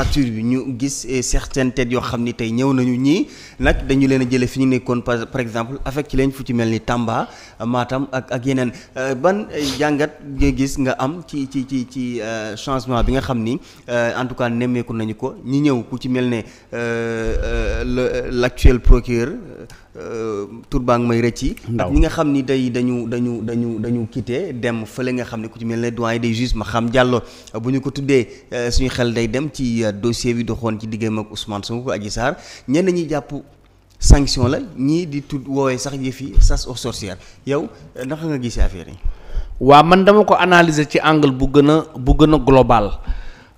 magistrature bi ñu gis certaines têtes yoo xam ni tey ñëw nañu ñii nag dañu leen a jëlee fi ñu nekkoon par exemple affecté leen fu ci mel ni Tamba Matam ak ak yeneen euh, ban euh, jàngat nga gis nga am ci ci ci ci euh, changement bi nga xam ni en tout cas nemmeeku nañu ko ñi ñëw ku ci mel ne le l'actuel procureur. Euh, baa turbaang may rëcc ndax ñi nga xam ni day dañu dañu dañu dañu quitté dem fële nga xam ne ku ci mel ne doyen des juges ma xam jàlloo bu ñu ko tuddee euh, suñu xel day dem ci euh, dossier bi doxoon ci diggéem ak Ousmane Sonko Adji Sarr ñenn ñi jàpp sanction la ñii di tudd woowee sax yëf yi chasse aux sorcières yow naka nga gisee affaire yi waaw man dama ko analyser ci angle bu gën a bu gën a global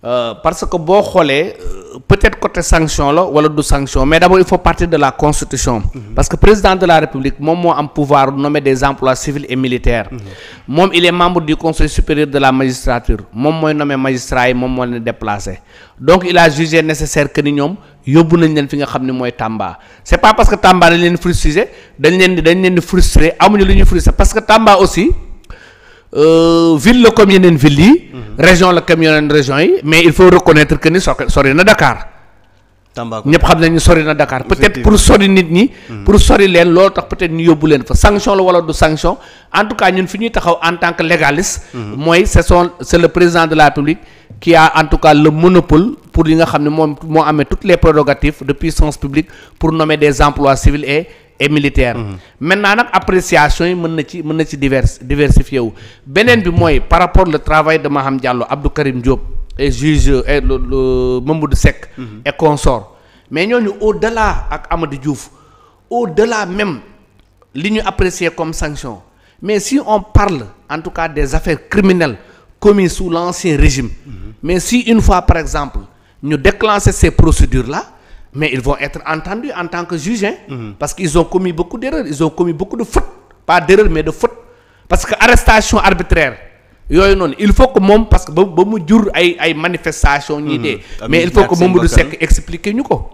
Euh, parce que boo xoolee euh, peut-être côté sanction la wala du sanction mais d'abord il faut partir de la constitution mhm. parce que président de la république moom moo am pouvoir nommer des emplois civils et militaires mhm. moom il est membre du conseil supérieur de la magistrature moom mooy nommer magistrat yi moom moo leen déplacé donc il a jugé nécessaire que ni ñoom yóbbu nañ leen fi nga xam ne mooy Tamba c'est pas parce que Tamba dañ leen frustré dañ leen di dañ leen di frustré parce que Tamba aussi Euh, ville la comme yeneen ville yi. Mhm. région la comme yeneen région yi mais il faut reconnaître que ni sori na Dakar. Tambacounda ñëpp xam nañu sori na Dakar peut-être pour sori nit ñi. Mhm. pour sori leen loolu tax peut-être ñu yóbbu leen fa sanction la wala du sanction en tout cas ñun fi ñuy taxaw en tant que légaliste. Mhm. mooy c'est son c'est le président de la République qui a en tout cas le monopole pour li nga xam ne moom moo amee toutes les prérogatives de puissance publique pour nommer des emplois civils et militaire. Mhm. maintenant nag appréciation yi mën na ci mën na ci divers diversifié wu. beneen bi mooy par rapport le travail de Maham Diallo Abdou Karim Diop et juge et le le Mamadou Seck. Mhm. et consort mais ñooñu de la ak Amadou Diouf au la même li ñu apprécier comme sanction mais si on parle en tout cas des affaires criminelles commises sous l'ancien régime. Mhm. mais si une fois par exemple ñu déclencher ces procédures la mais ils vont être entendus en tant que juges mmh. parce qu'ils ont commis beaucoup d'erreurs ils ont commis beaucoup de fautes pas d'erreurs mais de fautes parce que arrestation arbitraire yooyu noonu il faut que moom parce que ba ba mu jur ay ay manifestation ñii mhm. dee mais il faut que Mamadou Seck expliquer ñu ko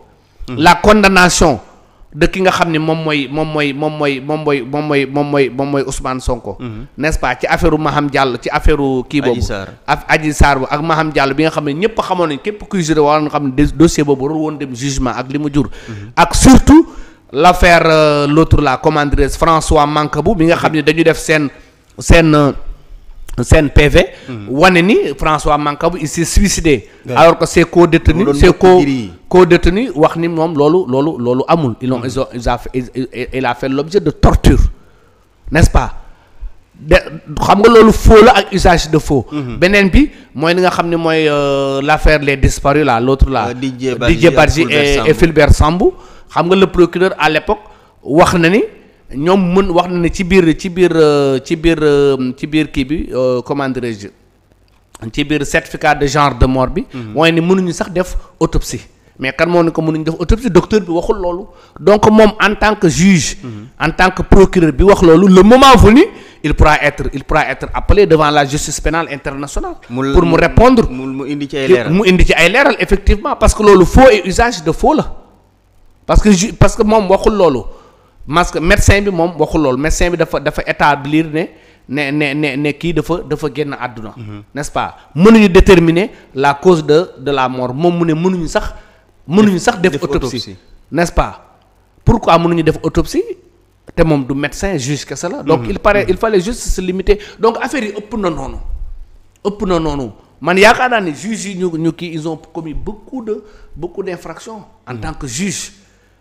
mhm. la condamnation dëkk ki nga xam ni moom mooy moom mooy moom mooy moom mooy moom mooy moom mooy moom mooy Ousmane Sonko. Mhm. n'est-ce pas ci affaire Maham jàll ci affaire kii boobu. Adji Sarr ak Adji Sarr ak Maham jàll bi nga xam ne ñëpp xamoon nañ képp kuy juré waroon xam ne dossier boobu warul woon dem jugement ak li mu jur. Mhm. ak surtout l'affaire euh, l'autre là comment dirais-je François Mancabou bi nga xam ne dañu def seen seen. Euh, seen PV. Mhm. wane ni François Mancabou il s'est suicidé. alors que ses de détenus ses co co-détenus wax ni moom loolu loolu loolu amul. ils mhm. ont ils ont l'objet de torture n'est-ce pas de xam nga loolu faux la ak usage de faux. Mhm. beneen bi mooy li nga xam ne mooy euh, l'affaire les disparus là l'autre là. Euh, Didier Badji et Fulbert Sambou xam nga le procureur à l'époque wax na ni. ñoom mën wax na ne ci biir ci biir euh, ci biir euh, ci biir kii bi euh, comment dirais-je ci biir certificat de genre de mort bi. Mhm. mooy ne mënuñu sax def autopsie. mais kan moo ne ko mënuñu def autopsie docteur bi waxul loolu donc moom en tant que juge. Mhm. en tant que procureur bi wax loolu le moment venu il pourra être il pourra être appelé devant la justice pénale internationale. pour mu répondre mu indi ci ay leeral mu indi ci ay leeral effectivement parce que loolu faux et usage de faux la parce que ju parce que moom waxul loolu. parce que médecin bi moom waxul loolu médecin bi dafa dafa établir ne ne ne ne ne kii dafa dafa génn àdduna mhm. n'est-ce pas mënuñu déterminer la cause de de la mort moom mu ne mënuñu sax mënuñu sax def autopsie n'est-ce pas pourquoi mënuñu def autopsie te moom du médecin juge kese la donc mhm. il paraît mhm. il fallait juste se limiter donc affaire yi ëpp na noonu ëpp na noonu man yaakaar naa ne juge yi ñu ñu kii ils ont commis beaucoup de beaucoup d'infractions en tant que juge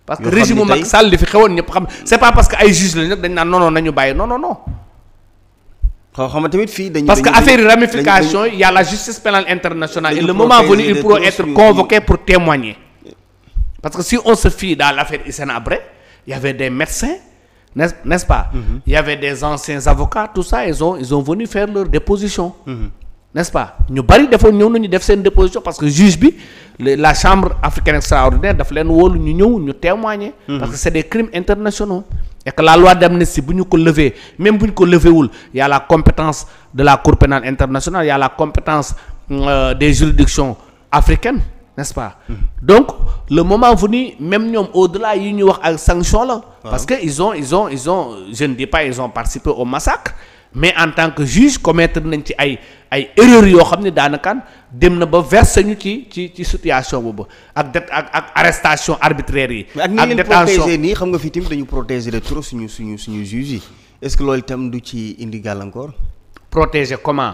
parce que régime Macky Sall li fi xewoon ñëpp xam c'est pas parce que ay juge lañ nag dañ naan non non nañu bàyyi non non non. xaw xama tamit fii dañuy parce que affaire ramification y la justice pénale internationale et le moment venu ils pourront être convoqués pour témoigner parce que si on se fie dans l'affaire Hissène Habré y avait des médecins n'est-ce pas mm-hmm. il y avait des anciens avocats tout ça ils ont venu faire leur déposition mm-hmm. n'est-ce pas ñu bari defoon ñëw nañu def seen déposition parce que juge bi la chambre africaine extraordinaire daf leen woolu ñu ñëw ñu témoigner. parce que c'est des crimes internationaux. et la loi d'amnistie bu ñu ko lever même bu ñu ko lever wul la compétence de la cour pénale internationale y la compétence euh, des juridictions africaines n'est-ce pas. donc le moment venu même ñoom au-delà yi ñu wax ak sanction la. Ah. parce que ils ont ils ont ils ont je ne dis au massacre. mais en tant que juge commettre nañ ci ay ay erreurs yoo xam ne daanakaan dem na ba verser ñu ci ci ci bu ba ak det ak ak arrestation arbitraire yi. ak ni leen protéger nii xam nga fi tamit dañu protéger de trop suñu suñu suñu juge yi est-ce que loolu itam du ci indi gàllankoor. protéger comment.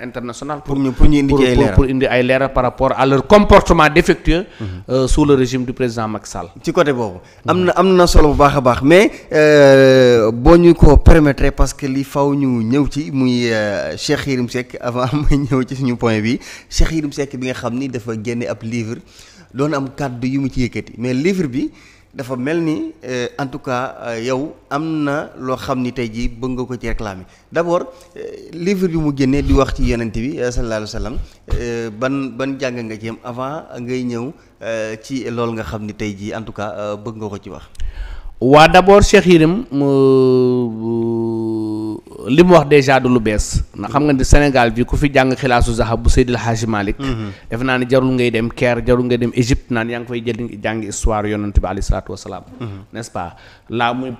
internationale. pour ñu pour ñu indi ay leeral pour indi ay leeral par rapport à leur comportement défectueux. Mhm. Euh, sous le régime du président Macky Sall. ci côté boobu. Mhm. am na am na solo bu baax a baax mais euh, boo ñu ko permettre parce que li faw ñu ñëw ci muy euh, Cheikh Yérim Seck avant may ñëw ci suñu point bi Cheikh Yérim Seck bi nga xam ni dafa génne ab livre doon am kàddu yu mu ci yëkkati mais livre bi. dafa mel ni euh, en tout cas euh, yow am na loo xam ni tey jii bëgg nga ko ci réclamer d'abord euh, livre bi mu génnee di wax ci yonent bi sallallahu alayhi wa sallam ban ban jàng nga ci avant ngay ñëw ci loolu nga xam ni tey jii en tout cas bëgg nga ko ci wax. waa d'abord Cheikh Yérim mu li mu wax déjà du lu bees na xam nga ni Sénégal bi ku fi jàng xilaasu zahab bu Seydil Hadji Malick mhm. defe naa ni jarul ngay dem Caire jarul ngay dem Égypte naan yaa ngi fay jël jàngi histoire yonent bi alayhi salaatu wasalaam mhm. n'est-ce